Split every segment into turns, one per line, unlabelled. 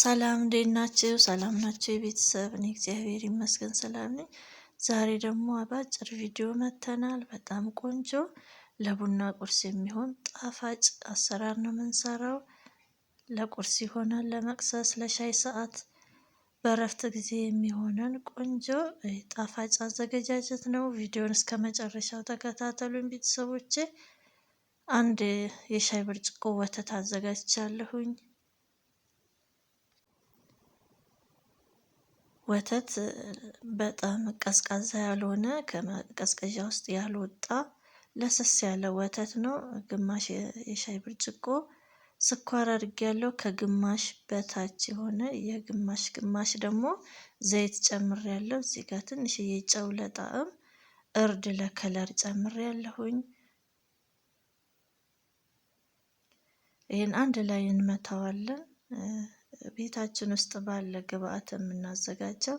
ሰላም እንዴት ናችሁ? ሰላም ናቸው የቤተሰብ እኔ እግዚአብሔር ይመስገን ሰላም ነኝ። ዛሬ ደግሞ አባጭር ቪዲዮ መተናል። በጣም ቆንጆ ለቡና ቁርስ የሚሆን ጣፋጭ አሰራር ነው የምንሰራው። ለቁርስ ይሆናል፣ ለመቅሰስ፣ ለሻይ ሰዓት፣ በረፍት ጊዜ የሚሆነን ቆንጆ ጣፋጭ አዘገጃጀት ነው። ቪዲዮን እስከ መጨረሻው ተከታተሉኝ ቤተሰቦቼ። አንድ የሻይ ብርጭቆ ወተት አዘጋጅቻለሁኝ። ወተት በጣም ቀዝቃዛ ያልሆነ ከመቀዝቀዣ ውስጥ ያልወጣ ለስስ ያለ ወተት ነው። ግማሽ የሻይ ብርጭቆ ስኳር አድርጌያለሁ ከግማሽ በታች የሆነ የግማሽ ግማሽ ደግሞ ዘይት ጨምሬያለሁ። እዚህ ጋር ትንሽዬ ጨው ለጣዕም እርድ ለከለር ጨምሬያለሁኝ። ይህን አንድ ላይ እንመታዋለን። ቤታችን ውስጥ ባለ ግብአት የምናዘጋጀው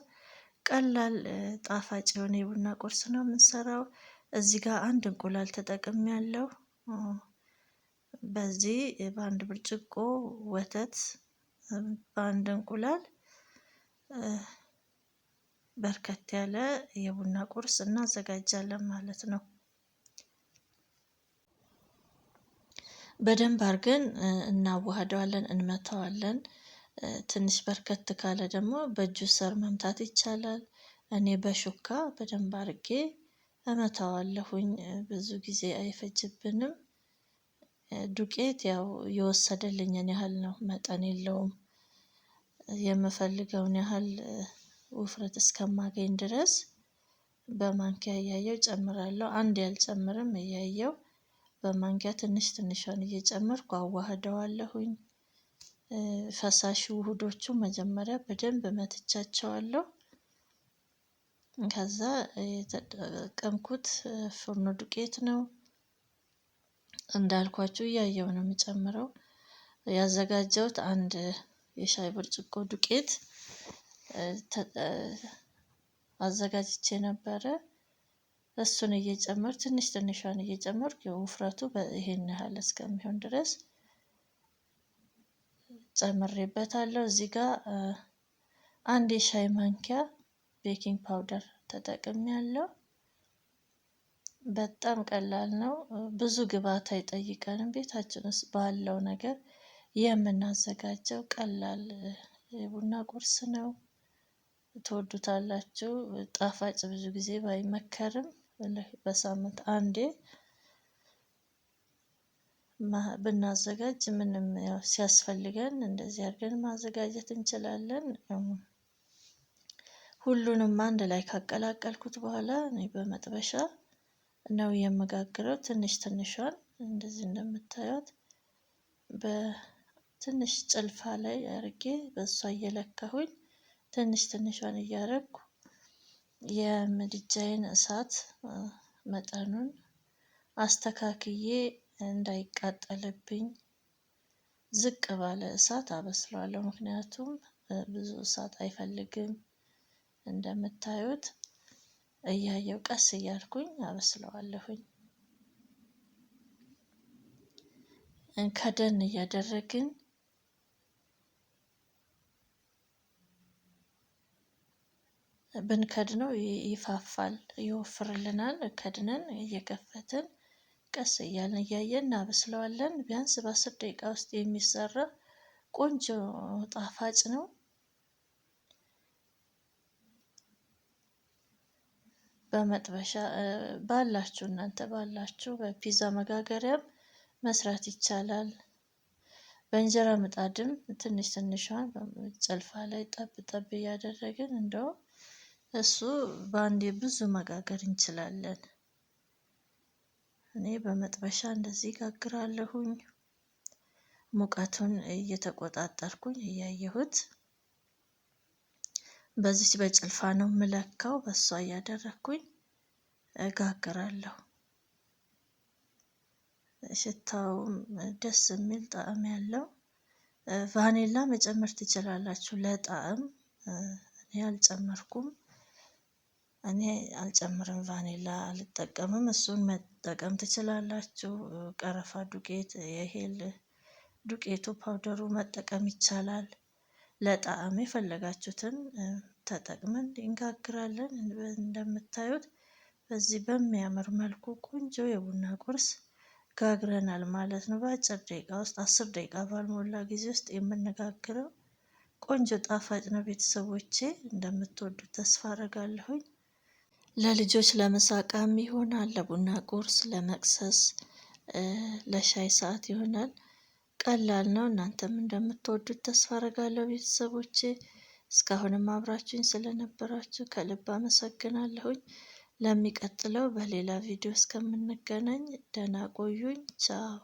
ቀላል ጣፋጭ የሆነ የቡና ቁርስ ነው የምንሰራው። እዚህ ጋር አንድ እንቁላል ያለው በዚህ በአንድ ብርጭቆ ወተት በአንድ እንቁላል በርከት ያለ የቡና ቁርስ እናዘጋጃለን ማለት ነው። በደንብ አድርገን እናዋህደዋለን፣ እንመታዋለን። ትንሽ በርከት ካለ ደግሞ በጁሰር መምታት ይቻላል። እኔ በሹካ በደንብ አርጌ እመታዋለሁኝ ብዙ ጊዜ አይፈጅብንም። ዱቄት ያው የወሰደልኝን ያህል ነው መጠን የለውም። የምፈልገውን ያህል ውፍረት እስከማገኝ ድረስ በማንኪያ እያየው ጨምራለሁ አንድ ያልጨምርም እያየው በማንኪያ ትንሽ ትንሿን እየጨመርኩ አዋህደዋለሁኝ ፈሳሽ ውህዶቹ መጀመሪያ በደንብ መትቻቸዋለሁ። ከዛ የተጠቀምኩት ፍርኖ ዱቄት ነው። እንዳልኳችሁ እያየው ነው የምጨምረው። ያዘጋጀሁት አንድ የሻይ ብርጭቆ ዱቄት አዘጋጅቼ ነበረ። እሱን እየጨመር ትንሽ ትንሿን እየጨመርኩ ውፍረቱ ይሄን ያህል እስከሚሆን ድረስ ጨምሬበታለሁ። እዚህ ጋር አንድ የሻይ ማንኪያ ቤኪንግ ፓውደር ተጠቅሜያለሁ። በጣም ቀላል ነው። ብዙ ግብአት አይጠይቀንም። ቤታችን ውስጥ ባለው ነገር የምናዘጋጀው ቀላል የቡና ቁርስ ነው። ትወዱታላችሁ ጣፋጭ ብዙ ጊዜ ባይመከርም በሳምንት አንዴ ብናዘጋጅ ምንም ሲያስፈልገን እንደዚህ አድርገን ማዘጋጀት እንችላለን። ሁሉንም አንድ ላይ ካቀላቀልኩት በኋላ እኔ በመጥበሻ ነው የምጋግረው ትንሽ ትንሿን እንደዚህ እንደምታዩት በትንሽ ጭልፋ ላይ አድርጌ በእሷ እየለካሁኝ ትንሽ ትንሿን እያረግኩ የምድጃዬን እሳት መጠኑን አስተካክዬ እንዳይቃጠልብኝ ዝቅ ባለ እሳት አበስለዋለሁ። ምክንያቱም ብዙ እሳት አይፈልግም። እንደምታዩት እያየው ቀስ እያልኩኝ አበስለዋለሁኝ። ከደን እያደረግን ብንከድነው ይፋፋል፣ ይወፍርልናል። ከድነን እየከፈትን ቀስ እያልን እያየን እናበስለዋለን ቢያንስ በአስር ደቂቃ ውስጥ የሚሰራ ቆንጆ ጣፋጭ ነው። በመጥበሻ ባላችሁ እናንተ ባላችሁ በፒዛ መጋገሪያም መስራት ይቻላል። በእንጀራ ምጣድም ትንሽ ትንሿን ጨልፋ ላይ ጠብ ጠብ እያደረግን እንደውም እሱ በአንዴ ብዙ መጋገር እንችላለን። እኔ በመጥበሻ እንደዚህ ጋግራለሁኝ። ሙቀቱን እየተቆጣጠርኩኝ እያየሁት በዚች በጭልፋ ነው የምለካው። በእሷ እያደረግኩኝ እጋግራለሁ። ሽታውም ደስ የሚል ጣዕም ያለው ቫኔላ መጨመር ትችላላችሁ ለጣዕም። እኔ አልጨመርኩም። እኔ አልጨምርም ቫኔላ አልጠቀምም እሱን መጠቀም ትችላላችሁ። ቀረፋ ዱቄት የሄል ዱቄቱ ፓውደሩ መጠቀም ይቻላል። ለጣዕም የፈለጋችሁትን ተጠቅመን እንጋግራለን እንደምታዩት በዚህ በሚያምር መልኩ ቆንጆ የቡና ቁርስ ጋግረናል ማለት ነው። በአጭር ደቂቃ ውስጥ አስር ደቂቃ ባልሞላ ጊዜ ውስጥ የምንጋግረው ቆንጆ ጣፋጭ ነው። ቤተሰቦቼ እንደምትወዱት ተስፋ አደርጋለሁኝ ለልጆች ለመሳቃም ይሆናል፣ ለቡና ቁርስ፣ ለመቅሰስ፣ ለሻይ ሰዓት ይሆናል። ቀላል ነው። እናንተም እንደምትወዱት ተስፋ አረጋለሁ። ቤተሰቦቼ እስካሁንም አብራችሁኝ ስለነበራችሁ ከልብ አመሰግናለሁኝ። ለሚቀጥለው በሌላ ቪዲዮ እስከምንገናኝ ደህና ቆዩኝ። ቻው